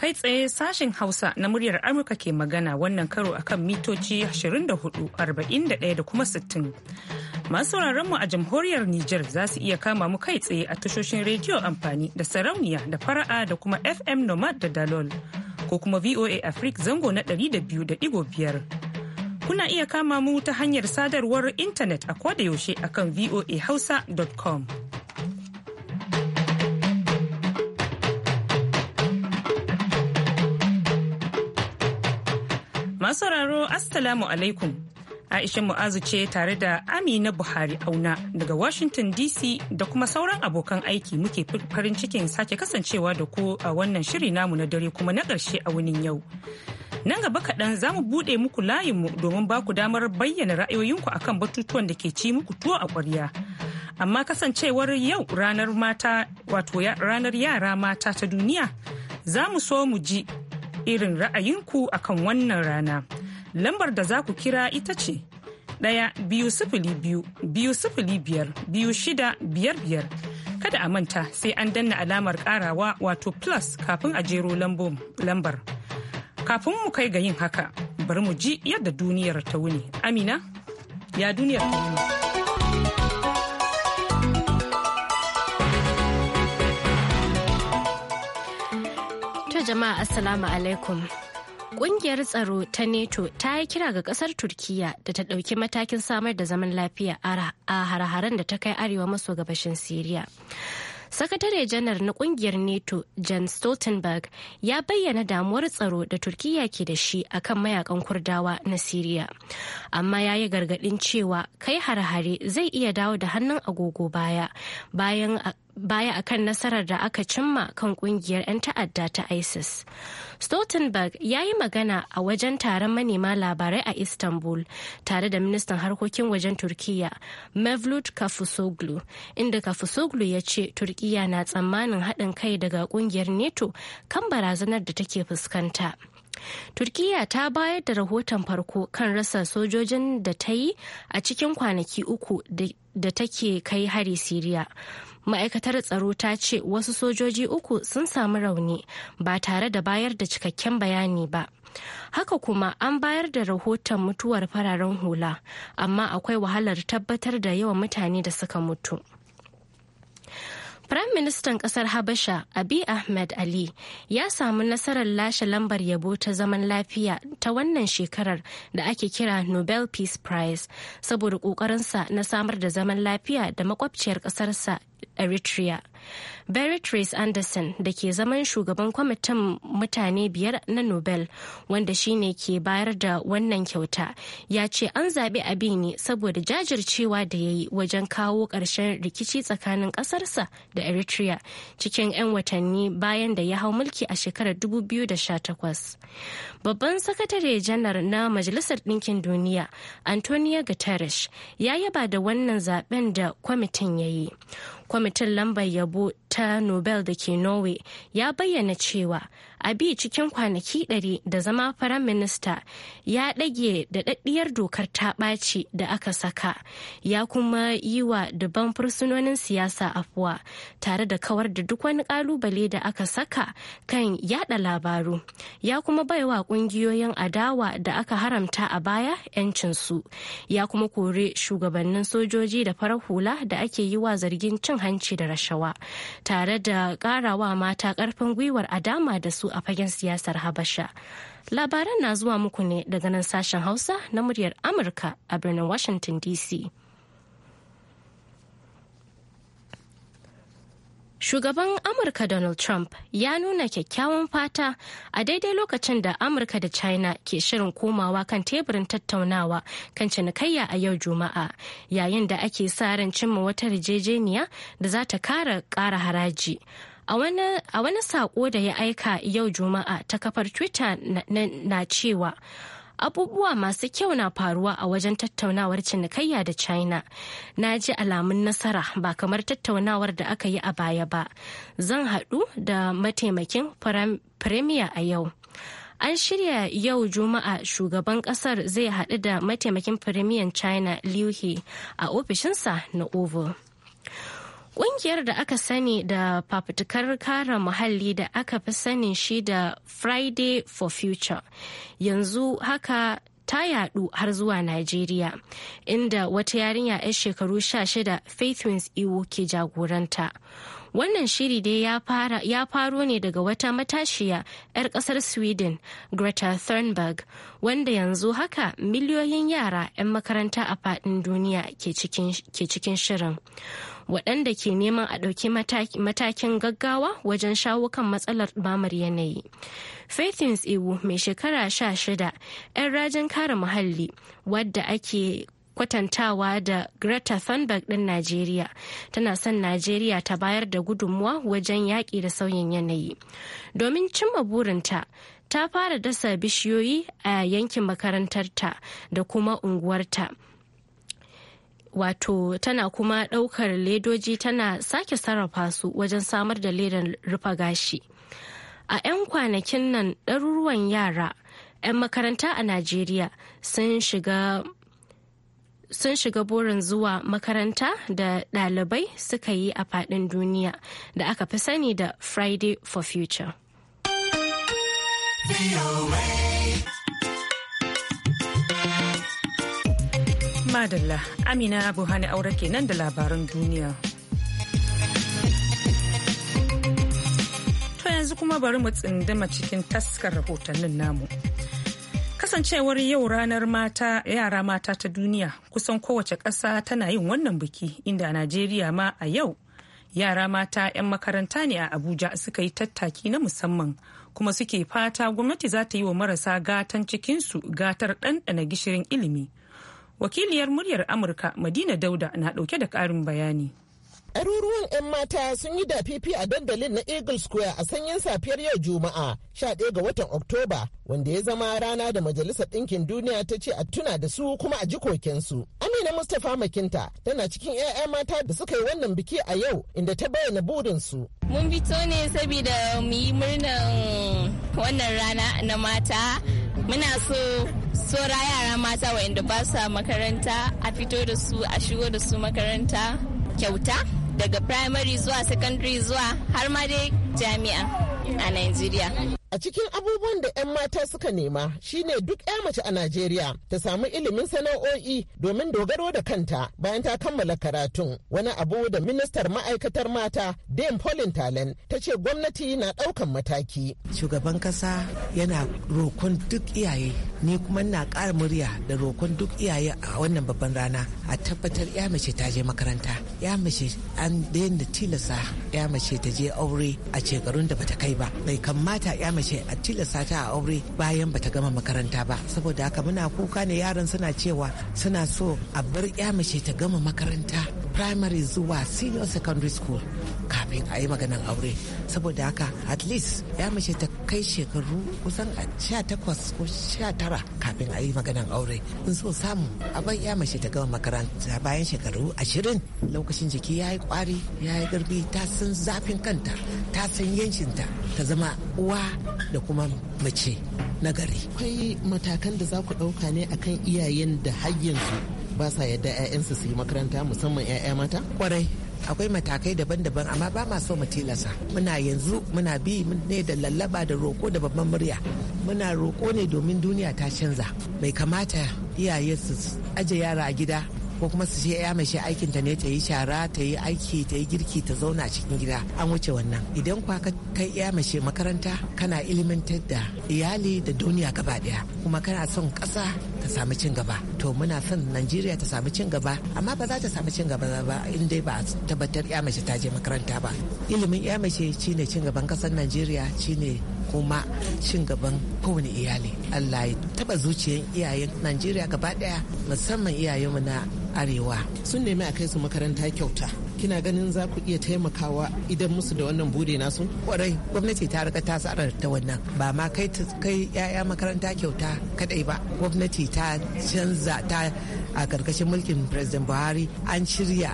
Kai tsaye sashen Hausa na muryar Amurka ke magana wannan karo akan mitoci 24,41 da kuma 60. Masu mu a jamhuriyar Nijar za su iya kama mu kai tsaye a tashoshin rediyo amfani da sarauniya da fara'a da kuma FM Nomad da Dalol ko kuma VOA Africa zango na 200.5. Kuna iya kama mu ta hanyar sadarwar intanet a kodayaushe akan voahausa.com. Masu sauraro Assalamu alaikum. Aisha Mu'azu ce tare da Amina Buhari auna daga Washington DC da kuma sauran abokan aiki muke farin cikin sake kasancewa da ku a wannan shiri namu na dare kuma na ƙarshe a wunin yau. Nan gaba kaɗan za mu buɗe muku layinmu domin ba ku damar bayyana ra'ayoyinku kan batutuwan da ke ci muku tuwo a ƙwarya. Amma kasancewar yau ranar mata wato ranar yara mata ta duniya za mu so mu ji irin ra'ayinku akan wannan rana. Lambar da za ku kira ita ce ɗaya biyu sifili biyu biyu sifili biyar biyu shida biyar biyar. Kada a manta sai an danna alamar ƙarawa wato plus kafin a jero lambar. Kafin mu kai ga yin haka bari mu ji yadda duniyar ta wuni. Amina, ya duniyar ta wuni. Barka jama'a Assalamu alaikum. Ƙungiyar tsaro ta NATO ta yi kira ga ƙasar Turkiyya da ta ɗauki matakin samar da zaman lafiya a har haren da ta kai arewa maso gabashin Siriya. sakatare janar na kungiyar nato jan stoltenberg ya bayyana damuwar tsaro da Turkiyya ke da shi a kan mayakan kurdawa na siriya amma ya yi gargadin cewa kai harhare zai iya dawo da hannun agogo baya bayan baya akan nasarar da aka cimma kan kungiyar 'yan ta'adda ta isis stoltenberg ya yi magana a wajen taron manema labarai a istanbul tare da ministan harkokin wajen turkiya mevlut kafusoglu inda kafusoglu ya ce turkiya na tsammanin haɗin kai daga kungiyar neto kan barazanar da take fuskanta Turkiyya ta bayar da rahoton farko kan rasa sojojin da ta yi a cikin kwanaki uku da take kai hari Siriya. ma'aikatar tsaro ta ce wasu sojoji uku sun samu rauni ba tare da bayar da cikakken bayani ba haka kuma an bayar da rahoton mutuwar fararen hula amma akwai wahalar tabbatar da yawan mutane da suka mutu Firayim Ministan ƙasar Habasha Abi Ahmed Ali ya samu nasarar lashe lambar yabo ta zaman lafiya ta wannan shekarar da ake kira Nobel Peace Prize saboda ƙoƙarinsa na samar da zaman lafiya da makwabciyar ƙasarsa eritrea Beatrice Anderson da ke zaman shugaban kwamitin mutane biyar na Nobel wanda shi ne ke bayar da wannan kyauta ya ce an zaɓi abin ne saboda jajircewa da ya yi wajen kawo ƙarshen rikici tsakanin ƙasarsa da Eritrea cikin 'yan watanni bayan da ya hau mulki a shekarar 2018. Babban sakatare janar na Majalisar Ɗinkin Duniya Antonio Guterres ya yaba da wannan zaben da kwamitin ya yi. kwamitin lambar yabo ta nobel da ke norway ya bayyana cewa a bi cikin kwanaki ɗari da zama Firayim Minista ya ɗage da ɗaɗɗiyar dokar ta ɓaci da aka saka ya kuma yi wa dubban fursunonin siyasa afuwa tare da kawar da duk wani ƙalubale da aka saka kan yaɗa labaru ya kuma baiwa ƙungiyoyin adawa da aka haramta a baya 'yancinsu ya kuma kore shugabannin sojoji da farar hula da ake yi wa zargin cin hanci da rashawa tare da ƙarawa mata ƙarfin gwiwar adama da su a fagen siyasar Habasha. Labaran na zuwa muku ne daga nan sashen Hausa na muryar Amurka a birnin Washington DC. Shugaban Amurka Donald Trump ya nuna kyakkyawan fata a daidai lokacin da Amurka da China ke shirin komawa kan teburin tattaunawa kan cinikayya a yau Juma'a yayin da ake sa ran cimma wata yarjejeniya da za ta kara kara haraji A wani saƙo da ya aika yau Juma'a ta kafar Twitter na cewa abubuwa masu kyau na faruwa a wajen tattaunawar cinikayya da china na ji alamun nasara ba kamar tattaunawar da aka yi a baya ba zan haɗu da mataimakin Premier a yau an shirya yau juma'a shugaban kasar zai haɗu da mataimakin firimiyan china liu he a ofishinsa na oval Ƙungiyar da aka sani da fafutukar kare muhalli da aka fi sanin shi da Friday for Future yanzu haka ta yadu har zuwa Najeriya, inda wata yarinya 'yar shekaru 16 Faithwins Iwo ke jagoranta. Wannan shiri dai ya faro ne daga wata matashiya 'yar kasar Sweden, Greta Thunberg, wanda yanzu haka miliyoyin yara 'yan makaranta a faɗin duniya ke cikin shirin. waɗanda ke neman a ɗauki matakin gaggawa wajen shawo kan matsalar bamar yanayi. Faithins Iwu mai shekara sha shida 'yan rajin kare muhalli wadda ake kwatantawa da Greta Thunberg ɗin Najeriya tana son Najeriya ta bayar da gudunmuwa wajen yaƙi da sauyin yanayi. Domin cimma burinta, ta fara dasa bishiyoyi a yankin makarantarta da kuma unguwarta. wato tana kuma ɗaukar ledoji tana sake sarrafa su wajen samar da ledan rufe gashi a 'yan kwanakin nan ɗaruruwan yara 'yan makaranta a najeriya sun shiga sun shiga borin zuwa makaranta da ɗalibai suka yi a faɗin duniya da aka fi sani da friday for future. Madalla Amina Buhari aure nan da labaran duniya. To yanzu kuma bari mu tsindama cikin taskar rahotannin namu. Kasancewar yau ranar mata yara mata ta duniya kusan kowace ƙasa tana yin wannan biki inda a Najeriya ma a yau yara mata 'yan makaranta ne a Abuja suka yi tattaki na musamman kuma suke fata gwamnati za ta yi wa marasa gatan cikinsu gatar ɗanɗana gishirin ilimi. wakiliyar muryar amurka madina dauda na dauke da karin bayani ɗaruruwan 'yan mata sun yi dafifi a dandalin na eagle square a sanyin safiyar yau juma'a 11 ga watan oktoba wanda ya zama rana da majalisar ɗinkin duniya ta ce a tuna da su kuma a ji kokensu amina mustapha makinta tana cikin 'ya'ya mata da suka yi wannan biki a yau inda ta bayyana burinsu mun fito ne saboda mu yi murnan wannan rana na mata muna so yara mata wa'inda ba sa makaranta a fito da su a shigo da su makaranta kyauta daga primary zuwa secondary zuwa har ma dai jami'a a Najeriya. A cikin abubuwan da 'yan mata suka nema shine duk 'ya mace a Najeriya ta samu ilimin sana'o'i domin dogaro da kanta bayan ta kammala karatun. Wani abu da ministar ma'aikatar mata Dame Pauline Talen ta ce gwamnati na ɗaukan mataki. Shugaban kasa yana rokon duk iyaye ni kuma na kara murya da rokon duk iyaye a wannan babban rana a tabbatar 'ya mace ta je makaranta. 'ya mace an daina tilasa 'ya mace ta je aure a shekarun da bata kai ba. Bai kamata 'ya mace mace a tilasta ta a aure bayan bata gama makaranta ba saboda haka muna kuka ne yaran suna cewa suna so a bar ya mace ta gama makaranta primary zuwa senior secondary school kafin a yi maganan aure saboda haka at least ya mace ta kai shekaru kusan a sha takwas ko sha tara kafin a yi maganan aure in so samu a bar ya mace ta gama makaranta bayan shekaru ashirin lokacin jiki ya yi kwari ya yi garbi ta san zafin kanta ta san yancinta ta zama uwa da kuma mace na gari. Akwai matakan da za ku ɗauka ne akan iyayen da har yanzu ba sa yadda 'ya'yansu su yi makaranta musamman 'ya'ya mata? Kwarai akwai matakai daban-daban amma ba ma so mu tilasa muna yanzu muna bi ne da lallaba da roko da babban murya muna roko ne domin duniya ta canza bai kamata iyaye su aje yara a gida ko kuma su je ya mace aikin ta ne ta yi shara ta yi aiki ta yi girki ta zauna cikin gida an wuce wannan idan kwa ka kai ya mace makaranta kana ilimantar da iyali da duniya gaba daya kuma kana son ƙasa ta samu cin gaba to muna son najeriya ta samu cin gaba amma ba za ta samu cin gaba ba in dai ba tabbatar ya mace ta je makaranta ba ilimin ya mace shine cin gaban kasar najeriya shine kuma cin gaban kowane iyali allah ya taba zuciyar iyayen najeriya gaba daya musamman iyayenmu na arewa sun nemi a kai su makaranta kyauta kina ganin za ku iya taimakawa idan musu da wannan bude nasu kwarai gwamnati ta riga ta sarar ta wannan ba ma kai kai yaya makaranta kyauta kadai ba gwamnati ta canza ta a karkashin mulkin president buhari an shirya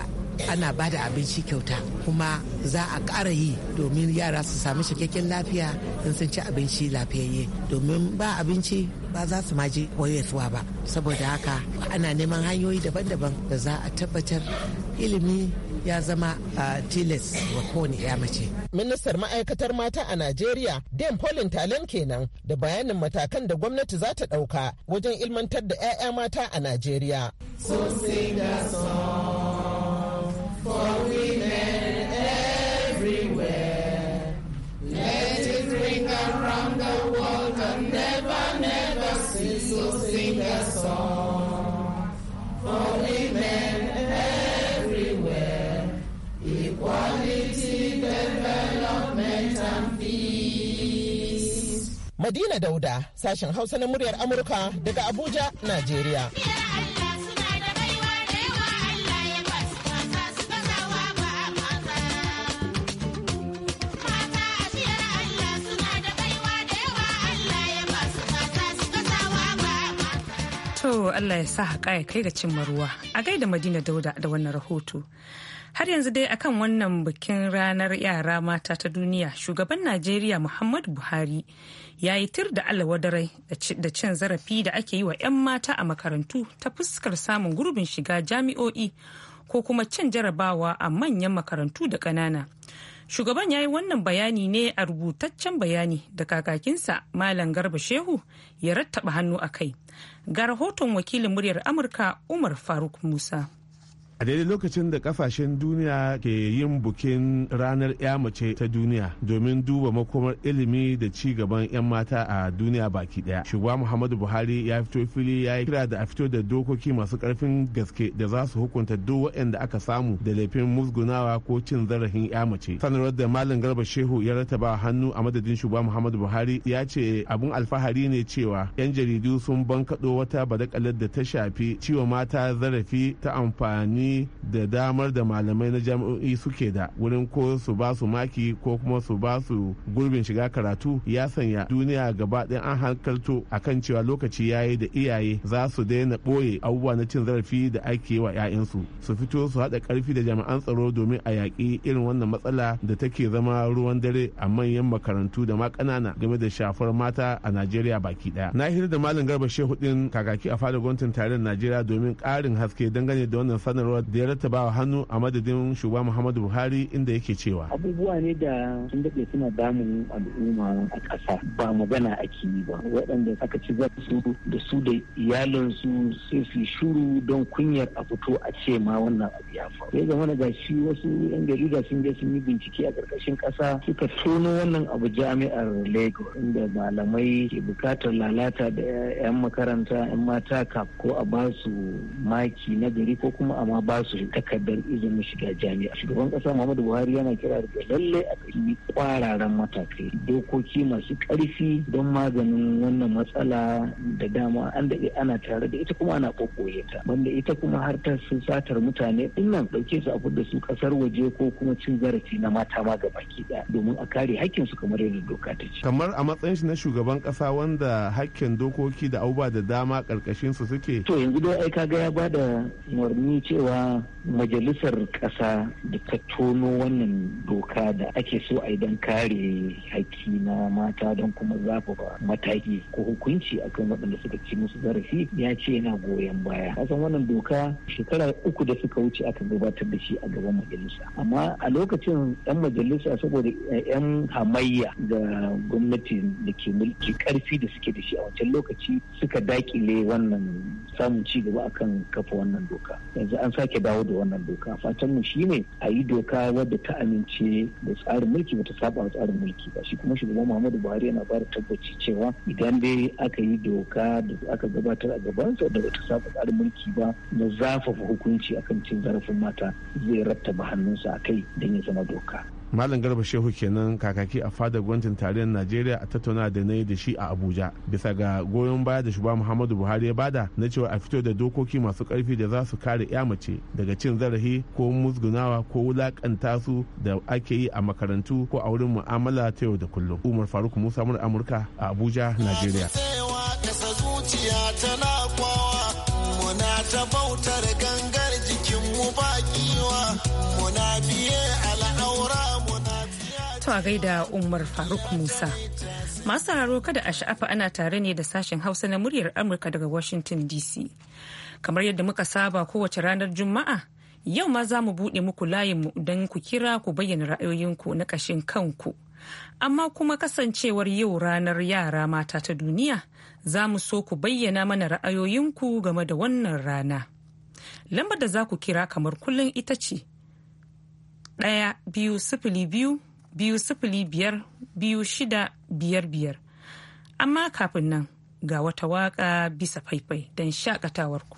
ana ba da abinci kyauta kuma za a ƙara yi domin yara su sami cikakken lafiya in sun ci abinci lafiyayye domin ba abinci ba za su maji wayarwa ba saboda haka ana neman hanyoyi daban-daban da za a tabbatar ilimi ya zama tilas wa kowane ya mace. Ministar ma'aikatar mata a Najeriya, Dan Paulin Talen kenan da bayanin matakan da gwamnati za ta ɗauka wajen ilmantar da 'ya'ya mata a Najeriya. Quality Development and Peace. Madina Dauda, sashen Hausa na muryar Amurka daga Abuja, Najeriya. To Allah ya sa haƙa ya kai ga cimma ruwa. A gaida Madina Dauda da wannan rahoto. Har yanzu dai akan wannan bikin ranar yara mata ta duniya shugaban Najeriya Muhammadu Buhari ya yi tir da alawadarai da cin zarafi da ake yi wa 'yan mata a makarantu ta fuskar samun gurbin shiga jami'o'i ko kuma cin jarabawa a manyan makarantu da ƙanana. Shugaban ya yi wannan bayani ne a rubutaccen bayani da kakakinsa Malam Garba Shehu ya rattaba hannu a kai. Ga rahoton wakilin muryar Amurka Umar Faruk Musa. a daidai lokacin da kafashen duniya ke yin bukin ranar 'ya mace ta duniya domin duba makomar ilimi da ci gaban 'yan mata a duniya baki daya shugaba muhammadu buhari ya fito fili ya yi kira da a fito da dokoki masu karfin gaske da za su hukunta duk waɗanda aka samu da laifin musgunawa ko cin zarafin 'ya mace sanarwar da malam garba shehu ya rataba hannu a madadin shugaba muhammadu buhari ya ce abun alfahari ne cewa 'yan jaridu sun bankaɗo wata badakalar da ta shafi ciwo mata zarafi ta amfani amfani da damar da malamai na jami'o'i suke da wurin ko su ba su maki ko kuma su ba su gurbin shiga karatu ya sanya duniya gaba ɗaya an hankalto a kan cewa lokaci ya yi da iyaye za su daina ɓoye abubuwa na cin zarafi da ake wa 'ya'yansu su fito su haɗa ƙarfi da jami'an tsaro domin a yaƙi irin wannan matsala da take zama ruwan dare a manyan makarantu da ma ƙanana game da shafar mata a Najeriya baki ɗaya. Na hira da Malam Garba Shehu ɗin kakaki a fadar gwamnatin tarayyar Najeriya domin ƙarin haske dangane da wannan sanarwar sanarwa da ya rattaba hannu a madadin shugaba muhammadu buhari inda yake cewa abubuwa ne da sun daɗe suna damun al'umma a ƙasa ba magana ake yi ba waɗanda aka ci su da su da iyalinsu sai su shuru don kunyar a fito a ce ma wannan abu ya faru ya zama ga shi wasu yan jarida sun je sun yi bincike a ƙarƙashin ƙasa suka tono wannan abu jami'ar lagos inda malamai ke bukatar lalata da 'yan makaranta 'yan mata ko a ba su maki na gari ko kuma a ma ba su takardar izinin shiga jami'a shugaban kasa muhammadu buhari yana kira da lalle a kai kwararan matakai dokoki masu karfi don maganin wannan matsala da dama an daɗe ana tare da ita kuma ana kokoye ta wanda ita kuma har ta sun satar mutane din nan su a fudda su kasar waje ko kuma cin zarafi na mata ma ga baki ɗaya domin a kare hakkin su kamar yadda doka ta ce kamar a matsayin shi na shugaban kasa wanda hakkin dokoki da abubuwa da dama karkashin su suke to yanzu dai ai kaga ya bada umarni cewa majalisar ƙasa da ta tono wannan doka da ake so a don kare haƙƙi na mata don kuma ba mataki ko hukunci akan waɗanda suka ci musu zarafi ya ce yana goyon baya kasan wannan doka shekara uku da suka wuce aka gabatar da shi a gaban majalisa amma a lokacin yan majalisa saboda yan hamayya da gwamnati da ke mulki ƙarfi da suke da shi a wancan lokaci suka dakile wannan samun ci gaba akan kafa wannan doka yanzu an sa sake dawo da wannan doka fatan mu shine a yi doka wadda ta amince da tsarin mulki ba bata saba tsarin mulki ba shi kuma shugaban Muhammadu Buhari yana ba da tabbaci cewa idan dai aka yi doka da aka gabatar a gabansa da ta saba tsarin mulki ba na zafafa hukunci akan cin zarafin mata zai rattaba hannunsa a kai don ya zama doka. malam garba shehu kenan kakaki a fadar gwamnatin tarihin najeriya a tattauna da na yi da shi a abuja bisa ga goyon baya da shugaban muhammadu buhari ya bada na cewa a fito da dokoki masu karfi da za su kare ya mace daga cin zarafi ko musgunawa ko wulakanta su da ake yi a makarantu ko a wurin mu'amala ta yau da kullum umar faruk musa mura amurka a abuja najeriya muna ta bautar gangar jikin mu baki To a gaida Umar Faruk Musa. Masu haro kada a sha'afa ana tare ne da sashen Hausa na muryar Amurka daga Washington DC. Kamar yadda muka saba kowace ranar Juma'a, yau ma za mu buɗe muku layinmu don ku kira ku bayyana ra'ayoyinku na ƙashin kanku. Amma kuma kasancewar yau ranar yara mata ta duniya, za mu so ku bayyana mana ra'ayoyinku game da wannan rana. Lambar da za ku kira kamar kullum ita ce ɗaya biyu sifili biyu biyu sifili biyar biyu shida biyar biyar amma kafin nan ga wata waka bisa faifai don shakatawar ku.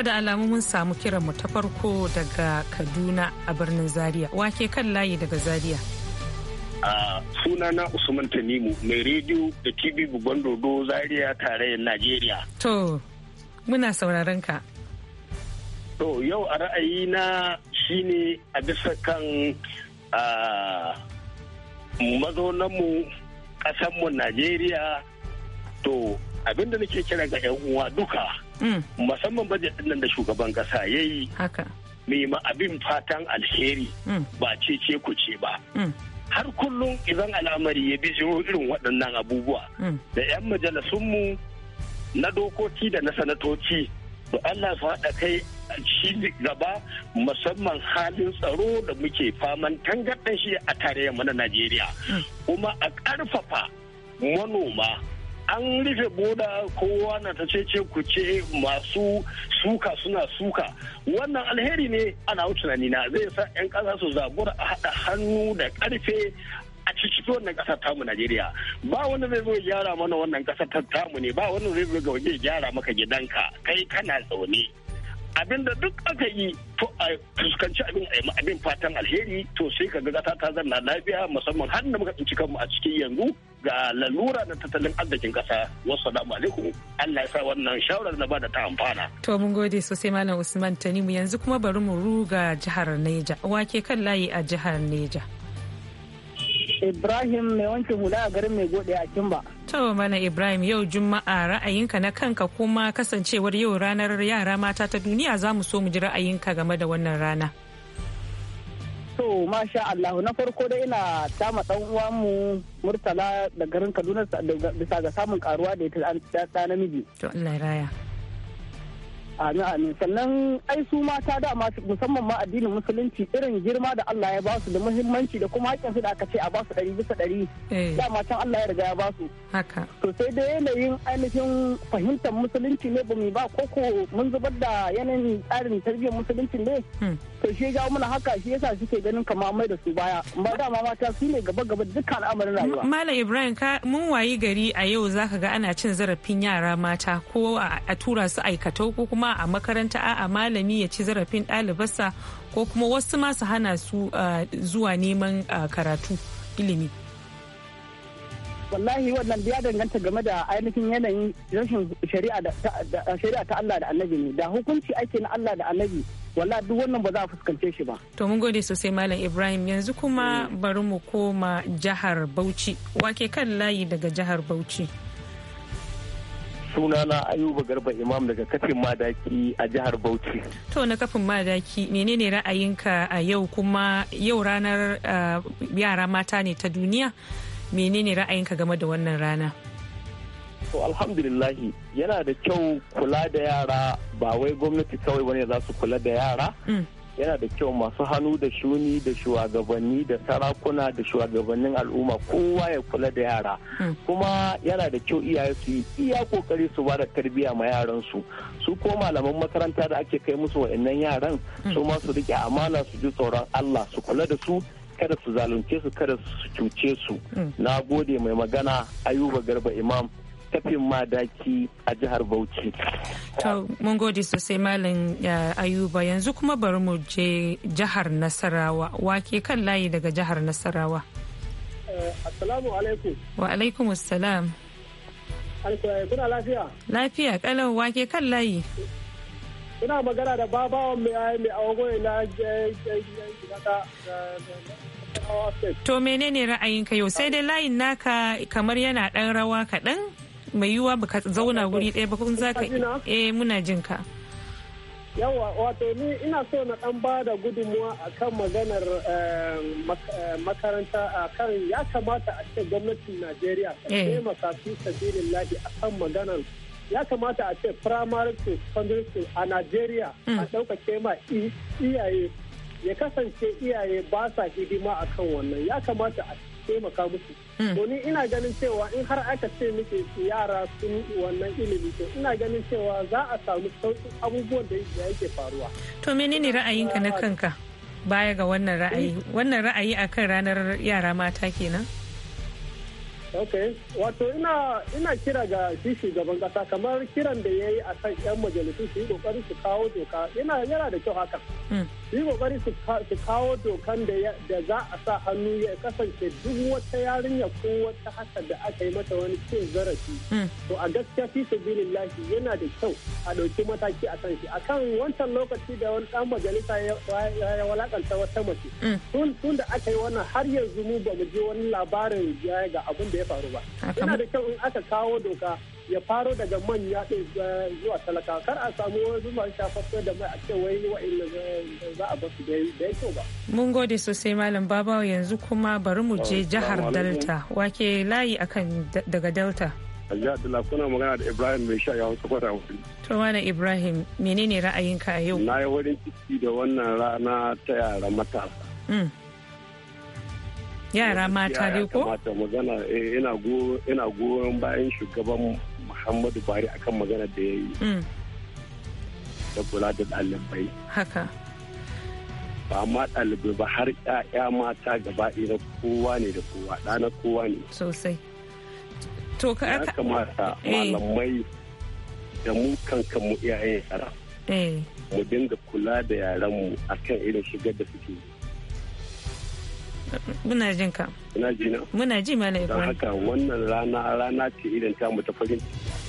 To da alamu mun samu kiran mu ta farko daga Kaduna a birnin Zaria. Wake kan layi daga Zaria. a suna na Usman Tanimu mai rediyo da TV Buban Dodo Zaria tarayyar Najeriya. To, muna sauraron ka. To, yau a ra'ayi na shine a bisa kan mazaunanmu ƙasanmu Najeriya. To, abinda nake kira ga 'yan uwa duka. Mm. musamman baje ɗinnan da shugaban kasa ya yi ma abin fatan alheri mm. ba ce ce ku ce ba mm. har kullum idan al'amari ya bi bijiro irin waɗannan abubuwa da 'yan majalisunmu na dokoki da na sanatoci da Allah su haɗa kai cikin gaba musamman halin tsaro da muke faman tangaɗan shi a tarayyar mana Najeriya kuma a ƙarfafa manoma an rufe boda kowa na ta ce ku ce masu suka suna suka wannan alheri ne ana tunani na zai sa 'yan ƙasa su zabura a haɗa hannu da karfe a cikin wannan kasar tamu Najeriya ba wani zai zo gyara mana wannan kasar tamu ne ba wanda zai zo ga gyara maka gidanka kai kana zaune abin da duk aka yi to a fuskanci abin a abin fatan alheri to sai ka ga ta na lafiya musamman har da muka tsinci kanmu a cikin yanzu ga lalura da tattalin arzikin kasa wassalamu alaikum Allah ya sa wannan shawarar na bada ta amfana to mun gode sosai malam Usman Tanimu yanzu kuma bari mu ruga jihar Neja wake kan layi a jihar Neja Ibrahim mai wanke hula a garin mai gode a Kimba To mana Ibrahim yau Juma'a ra'ayinka na kanka kuma kasancewar yau ranar yara mata ta duniya za mu so mu ji ra'ayinka game da wannan rana. To masha Allah na farko dai ina tama dan mu Murtala da garin Kaduna bisa ga samun karuwa da ita ta namiji. To Allah raya. Amin amin sannan ai su mata dama musamman ma addinin musulunci irin girma da Allah ya basu da muhimmanci da kuma haƙƙin su da aka ce a basu ɗari bisa ɗari eh. dama can Allah ya riga ya basu. Haka. To sai da yanayin ainihin fahimtar musulunci ne ba mu ba koko mun zubar da yanayin tsarin tarbiyyar musulunci ne. Hmm. To shi ya mana haka shi yasa suke ganin kamar mai da su baya ba dama mata su ne gaba gaba dukkan al'amarin rayuwa. Malam Ibrahim ka mun wayi gari a yau zaka ga ana cin zarafin yara mata ko a tura su aikata ko kuma a makaranta a malami ya ci zarafin ɗalibarsa ko kuma wasu masu hana su zuwa neman karatu ilimi wallahi wannan ya danganta game da ainihin yanayin rashin shari'a ta Allah da annabi ne da hukunci ake na Allah da annabi walla duk wannan ba za a fuskance shi ba. To mun gode sosai Malam Ibrahim yanzu kuma mm. bari mu koma jihar Bauchi wake kan layi daga jihar Bauchi. sunana ayuba garba imam daga kafin madaki a jihar bauchi to na kafin madaki menene ra'ayinka a yau kuma yau ranar uh, yara mata ne ta duniya menene ra'ayinka game da wannan rana to alhamdulillahi yana da kyau kula da yara ba wai gwamnati kawai wani za su kula da yara mm. yana da kyau masu hannu da shuni da shugabanni da sarakuna da shugabannin al'umma kowa ya kula da yara hmm. kuma yana da kyau iyaye su yi iya kokari su ba da tarbiyya ma yaran su su ko malaman makaranta da ake kai musu wa'annan yaran hmm. su ma su rike amana su ji tsoron Allah su kula da su kada su zalunce su kada su cuce su hmm. na gode mai magana ayuba garba imam tafin madaki a jihar Bauchi. To mun gode sosai Malam Ayuba yanzu kuma bari mu je jihar Nasarawa wake kan layi daga jihar Nasarawa. Eh, assalamu alaikum. Wa alaikum assalam. Eh, kuna lafiya? Lafiya kalau wake kan layi. Kuna magana da babawan mai eh, mai awago na To menene ra'ayinka yau sai dai layin naka kamar yana ɗan rawa kaɗan mai yiwuwa baka zauna wuri ɗaya ba kun zaka eh muna jin ka yawa wato ni ina so na dan ba da gudunmuwa akan kan maganar eh, eh, makaranta akan kan ya kamata a ce gwamnatin najeriya ta eh. taimaka fi sabilin lahi a maganar ya kamata a ce primary school secondary school a najeriya a mm. ɗaukake ma iyaye ya kasance iyaye ba sa hidima akan wannan ya kamata a taimaka musu hmm. to ina ganin cewa in har aka ce muke yara sun wannan ilimi to ina ganin cewa za a samu sauƙin abubuwan da yake faruwa to menene ra'ayinka na kanka baya ga wannan ra'ayi hmm? wannan ra'ayi akan ranar yara mata kenan ok wato ina ina kira ga shi gaban kasa kamar kiran da ya yi a kan 'yan majalisun su yi kokarin su kawo doka yana da kyau hakan hmm. yi kokari su kawo dokan da za a sa hannu ya kasance duk wata yarinya ko wata haka da aka yi mata wani cin zarafi hmm. to a gaskiya fi lillahi yana da kyau a ɗauki mataki a kan shi kan wancan lokaci da wani ɗan majalisa ya walakanta wata mace hmm. tun da aka yi wannan har yanzu mu ba mu je wani labarin ga abin da ya faru ba yana ah, da kyau in aka kawo doka ya faro daga manya ɗin eh, zuwa talaka kar a samu wani masu shafaffe da mai a ce wai wa'inda eh, za a basu da ya kyau ba. Mun gode sosai Malam Babawa yanzu kuma bari mu je jihar Delta wake layi akan daga Delta. Ajiya Abdullah kuna magana da Ibrahim mai sha yawon sakwata wuri. To wani Ibrahim menene ra'ayinka a yau? Na yi wurin ciki da wannan rana ta yara matasa. Mm. Yara mata dai ko? Eh, ina goyon bayan shugaban muhammadu a kan magana da ya yi mm. da kula da ɗalibai haka ba ma ɗalibai ba har ƴaƴa mata gaba ɗaya kowa ne da kowa ɗana kowa ne sosai to ka aka. ya kamata eh. malamai da mu kankan mu iyayen yara eh. mu dinga kula da yaran mu kan irin shigar da suke yi muna jin ka muna ji na muna ji na don haka wannan rana rana ce irin ta mu ta farin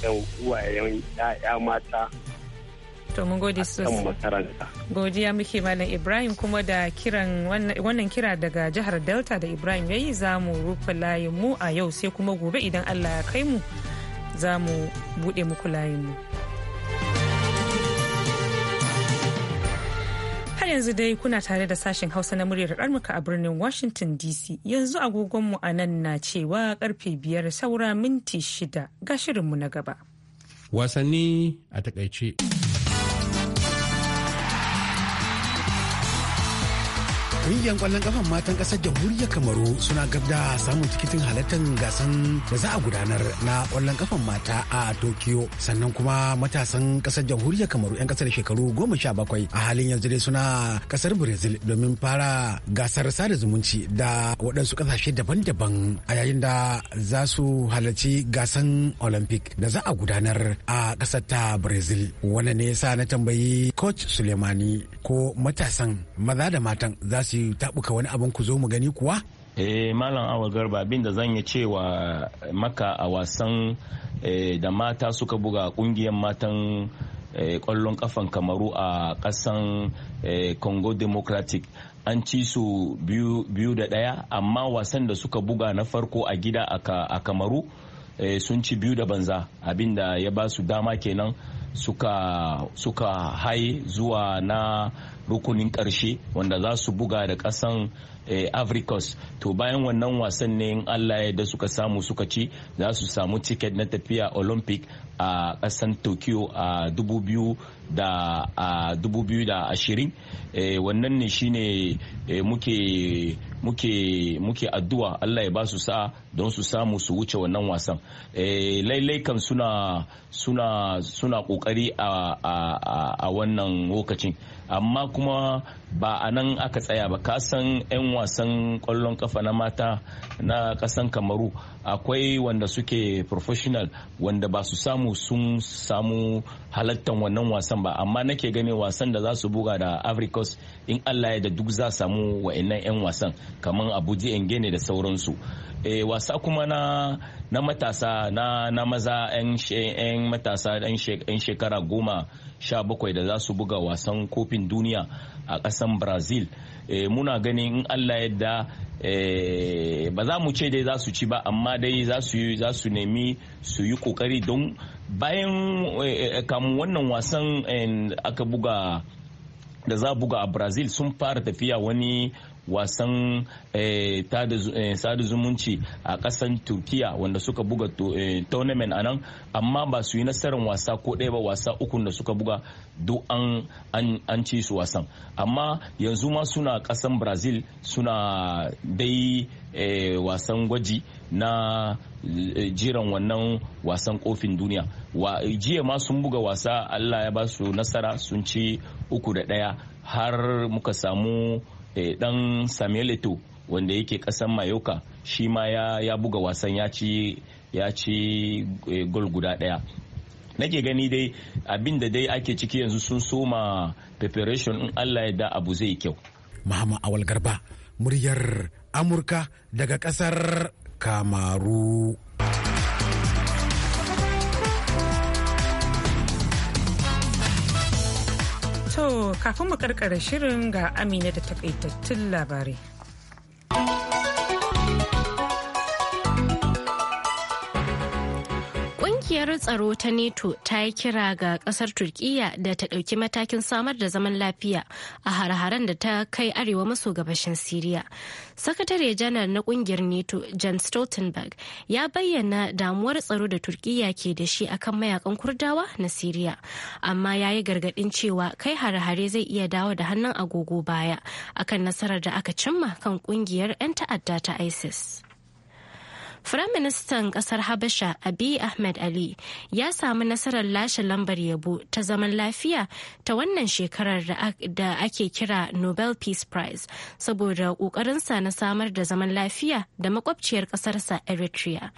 yan uwayen ya'ya mata to mun gode sosai godiya muke malam ibrahim kuma da kiran wannan kira daga jihar delta da ibrahim yayi za mu rufe layin mu a yau sai kuma gobe idan allah ya kai mu za mu buɗe muku layin mu Har yanzu dai kuna tare da sashen Hausa na muryar Amurka a birnin Washington DC. Yanzu agogonmu a nan na cewa karfe biyar saura minti shida ga shirinmu na gaba. Wasanni a takaice. Ƙungiyar ƙwallon ƙafan matan ƙasar jamhuriyar Kamaru suna gab samun tikitin halartar gasan da za a gudanar na ƙwallon ƙafan mata a Tokyo. Sannan kuma matasan ƙasar jamhuriyar Kamaru 'yan ƙasar shekaru goma sha bakwai a halin yanzu dai suna ƙasar Brazil domin fara gasar sada zumunci da waɗansu ƙasashe daban-daban a yayin da za su halarci gasan Olympic da za a gudanar a ƙasar ta Brazil. Wannan ne ya sa na tambayi Coach Suleimani ko matasan maza da matan za su su tabuka wani abin ku zo mu gani kuwa eh malam awal garba abin da zan yi cewa maka a wasan eh, da mata suka buga kungiyar matan kwallon eh, kafan kamaru a kasan eh, congo democratic an ci su biyu da daya amma wasan da suka buga na farko a gida a kamaru sun ci biyu da banza abin da ya ba su dama kenan suka haye zuwa na rukunin ƙarshe wanda za su buga da ƙasan eh, africos to bayan wannan wasan ne in allah ya da suka samu suka ci za su samu tiket na tafiya olympic a kasan tokyo a 2020 eh, wannan ne shine eh, muke muke muke addu'a Allah ya ba su sa don su samu su wuce wannan wasan eh, lailai kan suna suna suna kokari a wannan lokacin amma kuma ba a nan aka tsaya ba ka san 'yan wasan kwallon kafa na mata na kasan kamaru akwai wanda suke professional wanda ba su samu sun samu halattan wannan wasan ba amma nake gane wasan da za su buga da africos in allah ya da duk za samu wa'annan 'yan wasan kamar abuji engene da sauransu e, wasa kuma na na matasa na, na maza 'yan matasa 'yan shekara goma sha bakwai da za su buga wasan kofin duniya a kasan brazil e, muna ganin in allah e, ba za mu ce dai za su ci ba amma dai za su nemi su yi ƙoƙari don bayan eh, eh, eh, kamun wannan wasan aka buga da za buga a brazil sun fara tafiya wani wasan eh, eh, sada zumunci a kasan turkiya wanda suka buga eh, tournament a nan amma ba su yi nasarar wasa ko ɗaya ba wasa uku da suka buga duk an ci su wasan amma yanzu ma suna kasan brazil suna dai wasan gwaji na jiran wannan wasan kofin duniya jiya ma sun buga wasa allah ya ba su nasara sun ci uku da ɗaya har muka samu Eh, dan samuelito wanda yake kasan mayoka shi ma ya buga wasan ya ci ya eh, gol guda daya nake gani dai abinda dai ake ciki yanzu sun soma preparation in allah ya da abu zai kyau mahama awal garba muryar amurka daga kasar kamaru kafin mu karkara shirin ga Amina da takaitattun labarai. Ƙungiyar tsaro ta NATO ta yi kira ga ƙasar Turkiyya da ta ɗauki matakin samar da zaman lafiya a har-haren da ta kai arewa maso gabashin Siriya. Sakatare janar na ƙungiyar NATO, jan Stoltenberg, ya bayyana damuwar tsaro da Turkiyya ke da shi akan mayakan Kurdawa na Siriya, amma ya yi gargaɗin cewa kai har-hare zai iya dawo da hannun agogo baya akan nasarar da aka cimma kan ƙungiyar 'yan ta'adda ta ISIS. Firaministan ƙasar Habasha abi Ahmed Ali ya samu nasarar lashe lambar yabo ta zaman lafiya ta wannan shekarar da ake kira Nobel Peace Prize saboda ƙoƙarinsa na samar da zaman lafiya da makwabciyar ƙasarsa Eritrea.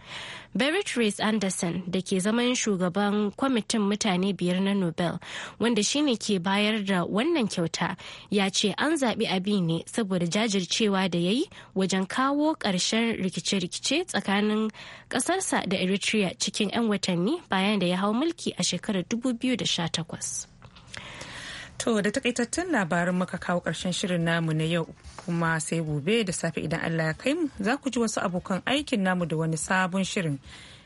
Barrett Anderson da ke zaman shugaban kwamitin mutane biyar na Nobel wanda shi ne ke bayar da wannan kyauta ya ce an zaɓi abi ne saboda jajircewa da ya yi wajen kawo ƙarshen rikice-rikice tsakanin tsakanin ƙasarsa da eritrea cikin 'yan watanni bayan da ya hau mulki a shekarar 2018 To da takaitattun labarin muka kawo ƙarshen shirin namu na yau kuma sai gobe da safe idan Allah ya kai mu za ku ji wasu abokan aikin namu da wani sabon shirin.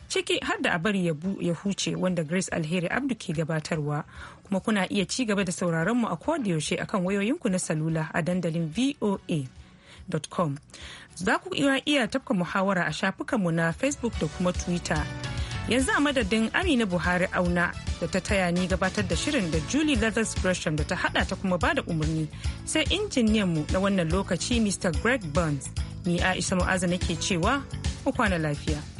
Ciki har da a bari ya huce wanda Grace Alheri Abdu ke gabatarwa kuma kuna iya ci gaba da sauraron mu a yaushe akan wayoyinku na salula a dandalin VOA. facebook.com. Za ku iya tafka muhawara a shafukanmu na Facebook da kuma Twitter. Yanzu a madadin Amina Buhari Auna da ta taya ni gabatar da shirin da Julie Leathers Gresham da ta hada ta kuma bada umarni sai injiniyanmu na wannan lokaci Mr. Greg Burns. Ni Aisha Mu'aza nake cewa, ku kwana lafiya.